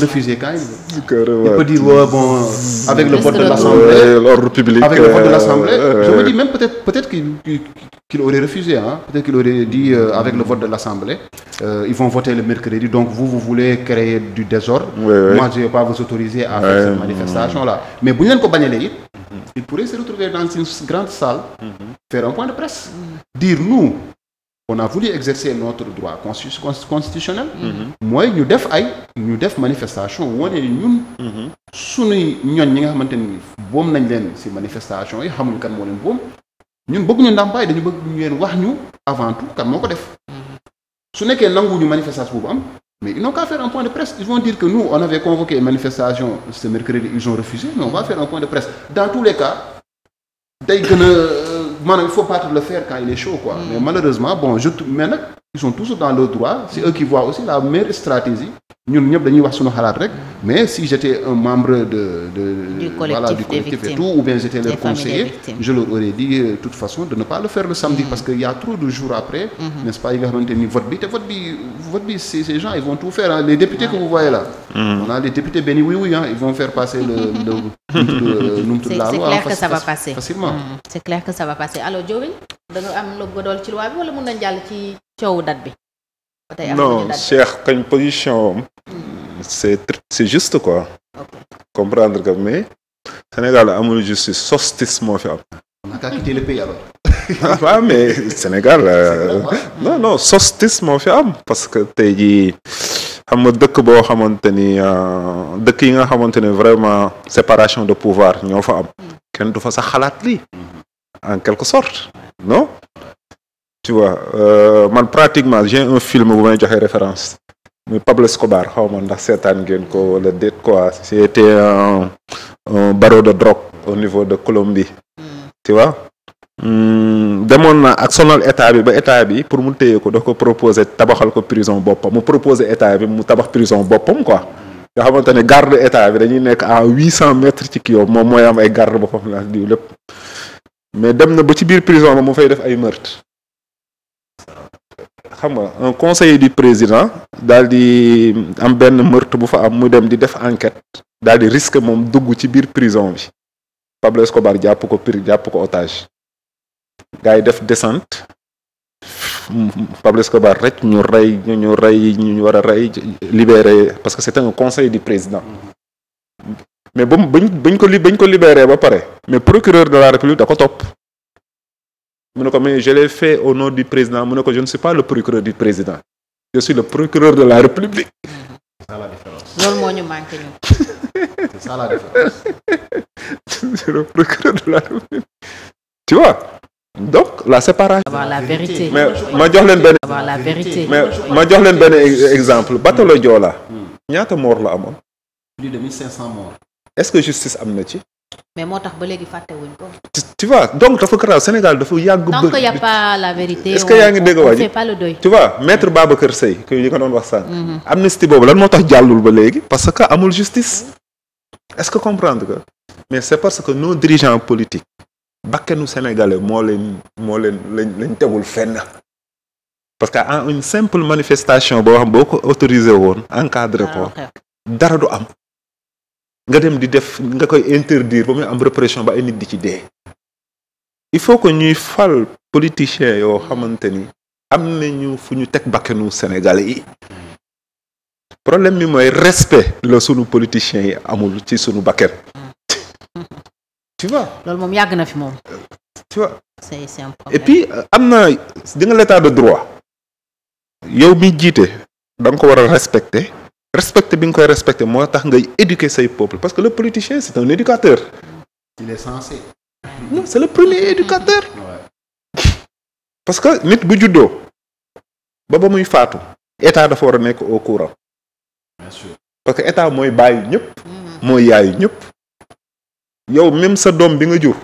refuser quand il veut. Il peut dire bon avec le vote de l'Assemblée l'ordre public avec le vote de euh, l'Assemblée je me dis même peut-être qu'il aurait refusé hein qu'il aurait dit euh, avec le vote de l'Assemblée euh, ils vont voter le mercredi donc vous vous voulez créer du désordre oui, moi je pas vous autoriser à faire oui. cette manifestation là mais bu ñu leen ko bañalee it mm-hmm. il pourrait se retrouver dans une grande salle mm-hmm. faire un point de presse dire nous on a voulu mm-hmm. ñu def ay ñu def manifestation wane ñun. Mhm. sunuy ñoñ ñi nga xamante ni boom nañ leen ci manifestation yi xamuñ kan moo leen boom ñun bëgg ñu bëgguñu ndàmpaay dañu bëgg ñu leen wax ñu avant tout kan moo ko def. Mhm. su nekkee nanguwuñu manifestation boobu am. mais ils n'ont qu'à faire un point de presse ils vont dire que nous on avait convoqué manifestation ce mercredi ils ont refusé mais on va faire un point de presse dans tous les cas day gën a euh, maanaam il faut pas le faire quand il est chaud quoi. Mhm. mais malheureusement ils sont tous dans le droit c'est eux qui voient aussi la meilleure stratégie ñun ñëpp dañuy wax suñu xalaat rek mais collectif, voilà, du ou bien j'étais leur conseiller je leur aurais dit euh, toute façon de ne pas le faire le samedi mm. parce que y a trop de jours après mmh. pas yi nga xamante ni vote bi te vote bi vote bi c'est gens ils vont tout faire les députés que vous voyez là mmh. a les députés béni oui oui hein ils vont faire passer coowu date bi. non Cheikh kañ position am. Hmm. c'est juste quoi. comprendre que mais Sénégal amul justice solstice moo fi am. on a ah, Sénégal euh, non moo fi am parce que tey jii xam nga dëkk boo xamante ni euh, dëkk yi nga xamante ni vraiment séparation de pouvoir ñoo fa am hmm. kenn du fa sax xalaat lii en quelque sorte non. tu waa euh, man pratiquement j'ai un film bu may joxe référence muy Pablo Escobar xaw ma ndax seetaan ngeen ko wala déet quoi c'était un, un barreau de drogue au niveau de Colombie mm. tu vois hmm, demoon na ak sonal état bi ba état bi pour mu téye ko daf ko proposer tabaxal ko prison boppam mu proposer état bi mu tabax prison boppam quoi nga xamante ne garde état bi dañuy nekk à huit cent mètres ci kii moom mooy am ay garde boppam la diw lépp mais dem na ba ci biir prison ba mu fay def ay meurtre xam nga un conseiller du président daal di am benn meurtre bu fa am mu dem di def enquête daal di risque moom dugg ci biir prison bi Pablo Escobar jàpp ko pri jàpp ko otage gars yi def descente Pablo Escobar rek ñu rey ñu ñu rey ñu ñu war a rey libéré parce que c'était un conseiller du président mais ba bañ bañ ko li bañ ko libéré ba pare mais procureur de la république da ko topp mu ne ko mais je l'ai fait au nom du président mu ne ko je ne suis pas le procureur du président je suis le procureur de la république. c'est ça moo ñu manqué ñun. le procureur la république. tu vois donc la séparation. avoir la vérité mais ma jox leen benn. avoir mais ma jox leen benn exemple. Batalo Joola. Hmm. ñaata moor la amoon. plus de 1500 morts. est-ce que justice am na ci. mais moo tax ba léegi fàtte wuñ ko. tu vois donc dafa garaaw Sénégal dafa yàgg. tant qu'il y a pas la vérité. est-ce que yaa ngi dégg waa ji tu vois maître Babacar Seye ki ñu ko doon wax sànq. Mhm. amnistie boobu lan moo tax jàllul ba léegi. parce que amul justice. est-ce que comprendre que mais c'est parce que nos dirigeants politiques. bakkanu sénégalais moo leen moo leen lañ lañ tegul fenn. parce que en une simple manifestation boo xam boo ko autorisé woon encadré ah, ko dara du am. nga dem di def nga koy interdire ba muy am répression ba ay nit di ci dee il faut que ñuy fal politiciens yoo xamante ni am na ñu fu ñu teg bakkenu Sénégalais yi problème bi mooy respect la sunu politiciens yi amul ci sunu bakkan tu yàgg na fi moom. tu et puis am na di nga l'état de droit yow mi jiite da ko war a respecté bi nga koy respecté moo tax ngay éduquer say peuple parce que le politicien c'est un éducateur. il est censé. c'est le premier éducateur. parce que nit bu juddoo ba ba muy faatu état dafa war a nekk au courant. parce que état mooy bàyyi ñëpp. mooy yaayu ñëpp. yow même sa doom bi nga jur.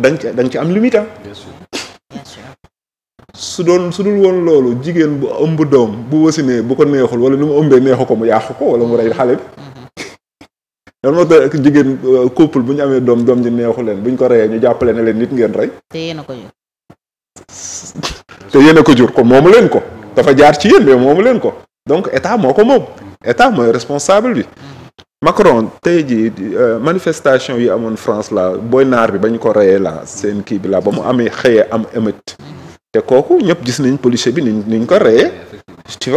dañ ci dañ ci am limite. Ah. bien sûr. su doon su dul woon loolu jigéen bu ëmb doom bu wasinee bu ko neexul wala ni mu ëmbee neexu ko mu yàqu ko wala mu rey xale bi mm-hmm. lan moo tax jigéen euh, couple bu ñu amee doom doom neexu leen bu ñu ko reyee ñu jàppale ne leen ngeen rey. te yéen a ko jur. te yéen ko jur ko moomu leen ko. dafa jaar ci yéen mais moomu leen ko. donc état moo ko moom. état mooy responsable bi. Mm-hmm. Macron tey jii euh, manifestation yi amoon France la booy naar bi ba ñu ko reyee la seen kii bi la ba mu amee xëyee am émeute. Mm-hmm. te kooku ñëpp gis nañ policier bi ni niñ ko reyee tu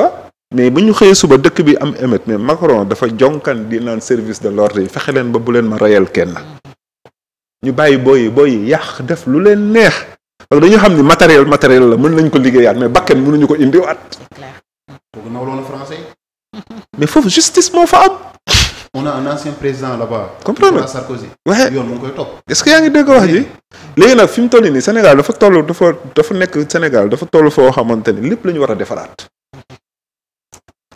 mais bu ñu xëyee suba dëkk bi am émeute mais Macron dafa jonkan di naan service de l'ordre yi fexe leen ba bu leen ma reyal kenn ñu bàyyi booyi booyi yàq def lu leen neex parce que dañu xam ni matériel matériel la mën nañ ko liggéeyaat mais bakkan mënuñu ko indiwaat. mais foofu justice moo fa am. on a un ancien président là-bas. comprendre Sarkozy. waaye yoon mu ngi koy topp. est-ce yaa ngi dégg wax ji. léegi nag fi mu toll nii Sénégal dafa toll dafa dafa nekk Sénégal dafa toll foo xamante ni lépp la ñu war a defaraat.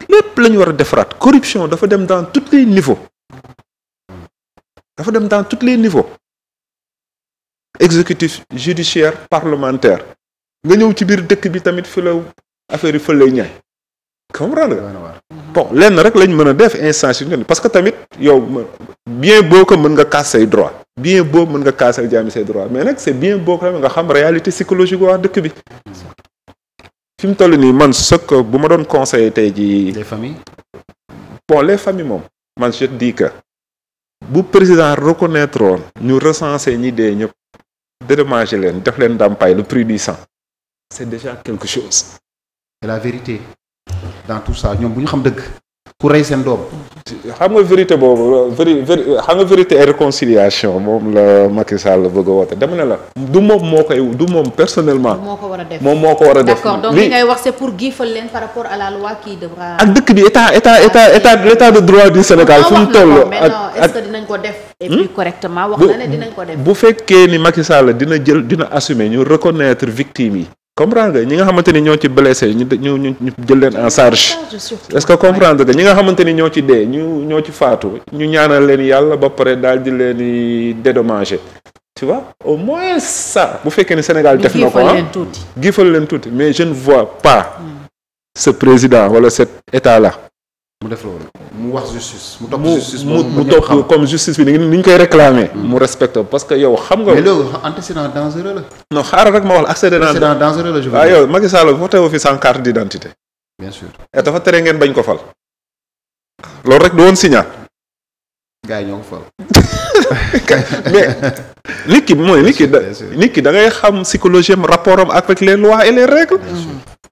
lépp la ñu war a defaraat corruption dafa dem dans tous les niveaux. dafa dem dans tous les niveaux. exécutif judiciaire parlementaire. nga ñëw ci biir dëkk bi tamit fi la affaire yi fële ñaay. comprendre nga. bon lenn rek lañ mën a def instance yu parce que tamit yow bien boo ko mën nga kaas say droit bien boo mën nga kaasal jaami say mais nag c'est bien boo ko nga xam réalité psychologique waa dëkk bi fi mu toll nii man sëkk bu ma doon conseillé tey ji les familles bon les familles moom man je dis ka bu président reconnaitre woon ñu recenser ñi dee ñëpp dédommager leen def leen ndàmpaay le prix du sang c'est déjà quelque chose c'est la vérité dans tout ça ñoom bu ñu xam dëgg ku rey seen doom xam nga vérité boobu véri xam nga vérité et réconciliation moom la Macky Sall bëgg a woote dama ne la du moom moo koy du moom personnellement moo ko war a def moom moo ko war a def d'accord donc li ngay wax c'est pour giifal leen par rapport à la loi qui devra ak dëkk bi état état état ah, état l'état de droit du Sénégal fu mu toll ak est-ce que dinañ ko def et hmm? ne bu fekkee ni Macky Sall dina jël dina assumer ñu reconnaître victime yi comprendre nga ñi nga xamante ni ñoo ci blessé ñu ñu ñu ñu jël leen en charge est-ce que comprendre nga ñi nga xamante ni ñoo ci dee ñu ñoo ci faatu ñu ñaanal leen yàlla ba pare daal di leen di dédommager tu au moins ça bu fekkee ni Sénégal def na ko ah giifal leen tuuti mais je ne vois pas hmm. ce président wala cet état la mu def loolu mu wax justice. mu topp justice mu topp comme justice bi ni ñu koy réclamer. mu respecte parce que yow xam nga. mais loolu antécédent dangereux la. non xaaral rek ma wax la je ah, yow Macky Sall voté woo fi sans carte d' et dafa tere ngeen bañ ko fal. loolu rek du signal. gars mooy nit ki da nit ki da ngay xam psychologie am rapport am avec les lois et les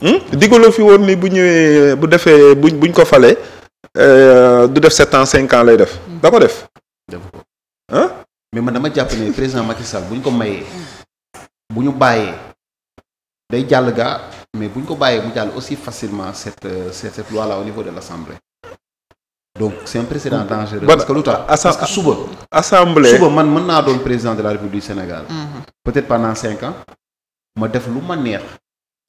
hmm? fi woon ni bu ñëwee bu defee buñ buñ ko falee. Euh, du def sept ans cinq ans lay def. da ko def. ah. mais man dama jàpp ne président Macky Sall bu ñu ko mayee. bu ñu bàyyee. day jàll gaa mais bu ñu ko bàyyee mu jàll aussi facilement cette euh, cette cette loi là au niveau de l'Assemblée. donc c'est un précédent dangereux. parce que lu tax parce que suba. assemblée suba man mën naa doon président de la République Sénégal. Mm-hmm. peut-être pendant cinq ans. ma def lu ma neex.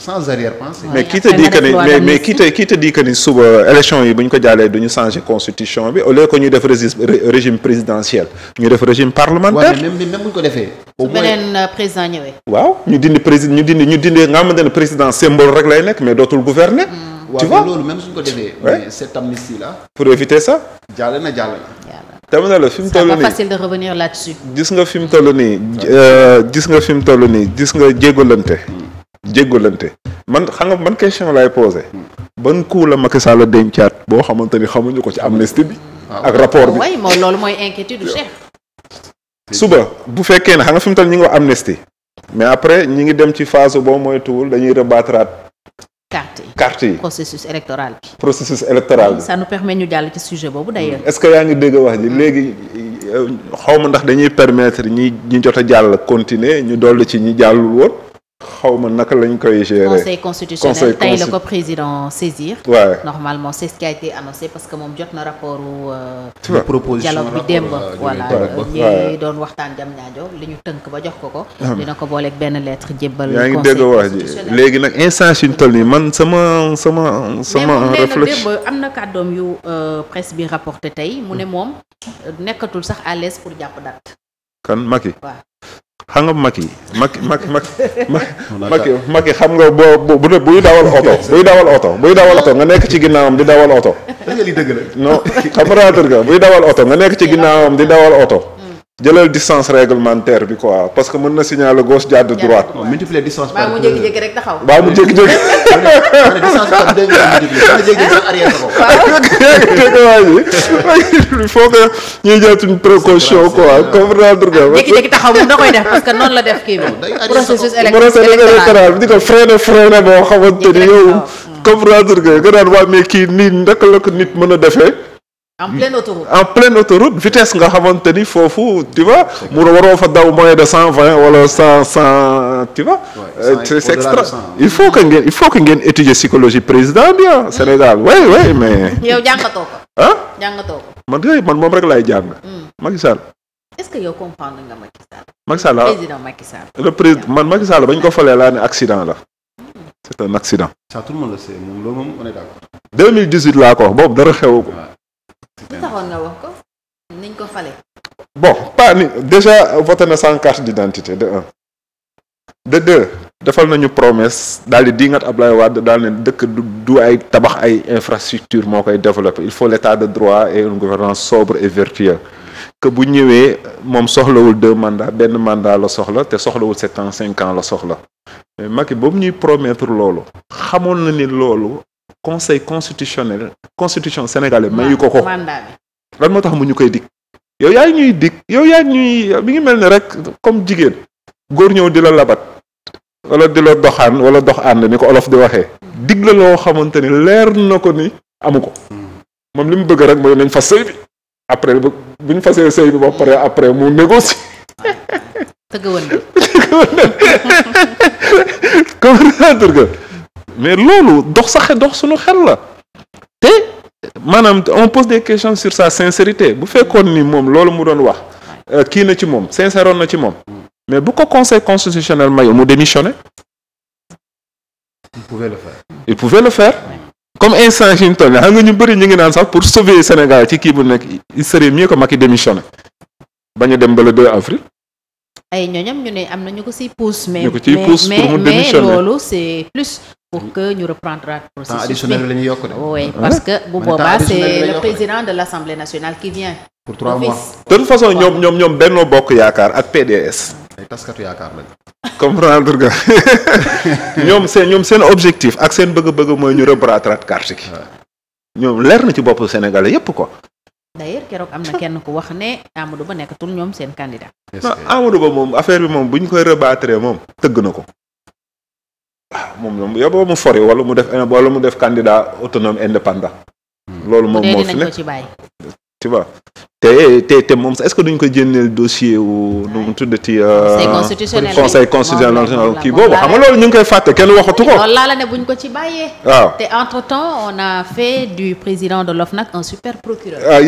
sans arrière-pensée. mais qui te dit que ni mais mais qui te qui te ni suba élection yi bu ko jàllee du ñu changer constitution bi au lieu que ñu def régime présidentiel ñu def régime parlementaire. waaw même même bu ñu ko defee. au moins beneen euh, président ñëwee. waaw ñu dindi président ñu dindi ñu dindi nga ne président symbole rek lay nekk mais dootul gouverner. Mm. tu vois waaw loolu même suñ ko defee. mais cette amnistie là. pour éviter ça. jàll na la fi mu toll nii c'est pas facile de nga fi mu toll nii. gis nga fi mu toll nii dis nga jégalante. Mm. jéggolante man xam nga man question lay posé ban coup la Macky Sall dencaat boo xamante ni xamuñu ko ci amnistie bi ak rapport bi waaw mooy loolu mooy inquiétude suba bu fekkee ne xam nga fi mu toll ñi ngi wax amnistie mais après ñi ngi dem ci phase boo moytuwul dañuy rebattraat carte yi carte yi processus électoral bi processus électoral bi ça nous permet ñu jàll ci sujet boobu d'ailleurs est-ce que yaa ngi dégg wax ji léegi euh, xaw ma ndax dañuy permettre ñi ñi jot a jàll continuer ñu dolli ci ñi jàllul woon xaw ma naka lañ koy gérer. conseil constitutionnel conseil tey la ko président saisir. Ouais. normalement c'est ce qui a été annoncé parce que moom jot na rapport. Euh, proposition dialogue bi démb. Euh, voilà ñi doon waxtaan jam ñaajo li ñu tënk ba jox ko ko. Ah. dina ko booleeg benn lettre jébbal. yaa ngi dégg wax ji léegi nag instance yu ñu toll nii man sama sama sama. réflexion mais am na kàddoom yu euh, presse bi rapporté tey mu ne moom euh, nekkatul sax à l'aise pour jàpp date. kan Macky waaw. xam nga Macky Macky Macky Macky Macky xam nga boo bu bu buy dawal oto buy dawal oto buy nga nekk ci ginnaawam di dawal oto. dëgg la non xam nga rawatina buy dawal oto nga nekk ci ginnaawam di dawal oto. jëlal distance réglementaire bi quoi parce que mën na signaler gauche jàdd droite. multiplier distance mu jékki-jékki rek taxaw. waaw mu que ñuy jël suñu précaution quoi comprendre nga. Ah, jékki-jékki taxaw moom da koy def parce que noonu la def kii processus électoral bi di ko freiné boo xamante ni yow comprendre nga nga daan waa kii nii naka la ko nit mën a defee. en pleine autoroute en pleine autoroute vitesse nga xamante ni foofu tu vois. mu waroo fa daw moins de cent vingt wala cent cent tu vois. Euh, c'est extra il faut que ngeen il faut que ngeen étudier psychologie président bi ah Sénégal oui hmm. oui mais. yow jàngatoo ko. ah jàngatoo ko. man man moom rek laay jàng. Hmm. Macky Sall. est-ce que yow comprendre nga Macky Sall. Macky Sall ah. président Macky Sall. le man Macky Sall bañ ko falee laa ne accident la. Hmm. c'est un accident. ça tout le monde le sait moom loolu ko wax boobu dara xewu ko. lu taxoon nga wax ko d'identité de defal nañu promesse daal di ab Ablaye Wade daal ne dëkk du ay tabax ay infrastructure moo koy développer il faut l'état de droit et une gouvernance sobre et vertueuse que bu ñëwee moom soxlawul deux mandats benn mandat la soxla te soxlawul sept ans cinq ans la soxla mais Macky boobu ñuy promettre loolu xamoon na ni loolu conseil constitutionnel constitution sénégalais mayu ko ko lan moo tax mu ñu koy dig yow yaay ñuy dig yow yaay ñuy mi ngi mel ni rek comme jigéen góor ñëw di la labat wala di la doxaan wala dox ànd ni ko olof di waxee dig la loo xamante ni leer na ko ni amu ko moom li mu bëgg rek mooy nañ fa sëy bi après bu ñu fasee sëy bi ba pare après mu négocie tëgg wëndal comprendre mais loolu dox sa dox suñu xel la te maanaam on pose des questions sur sa sincérité bu fekkoon ni moom loolu mu doon wax euh, kii na ci moom sincéroon na ci moom mais bu ko conseil constitutionnel mayu mu démissionné. il pouvait le faire. comme instant yi ñu toll xam nga ñu bëri ñu ngi naan sax pour sauver Sénégal ci kii bu nekk il serait mieux que Macky démissionné bañ a dem ba le 2 avril. ay ñooñam ñu ne am na ñu ko ciy pousse. mais mais mais loolu c'est plus pour que ñu reprendre le processus. de. oui l' assemblée nationale qui vient. pour trois mois de toute façon ñoom ñoom ñoom Benno Bokk Yaakaar ak PDS. comprendre nga ñoom seen ñoom objectif ak seen bëgg-bëgg mooy ñu rebattre carte gi. ñoom leer na ci bopp Sénégalais yépp ko. d' ailleurs keroog am na kenn ku wax ne Amadou Ba nekkatul ñoom seen candidat. non Amadou Ba moom affaire bi moom bu koy rebattre moom tëgg na ko. ah moom moom yóbboo mu fori wala mu def wala mu def candidat autonome indépendant. Hmm. loolu moom moo fi nekk te te te moom sax est-ce que duñ ko jénneel dossier wu nu mu tuddati. Euh, conseil constitutionnel euh, kii boobu xam nga loolu ñu ngi koy fàtte kenn waxatu ko. loolu laa la ne buñ ko ci bàyyee. waaw ah. te entre temps on a fait du président de l'OFNAC un super procureur. Euh,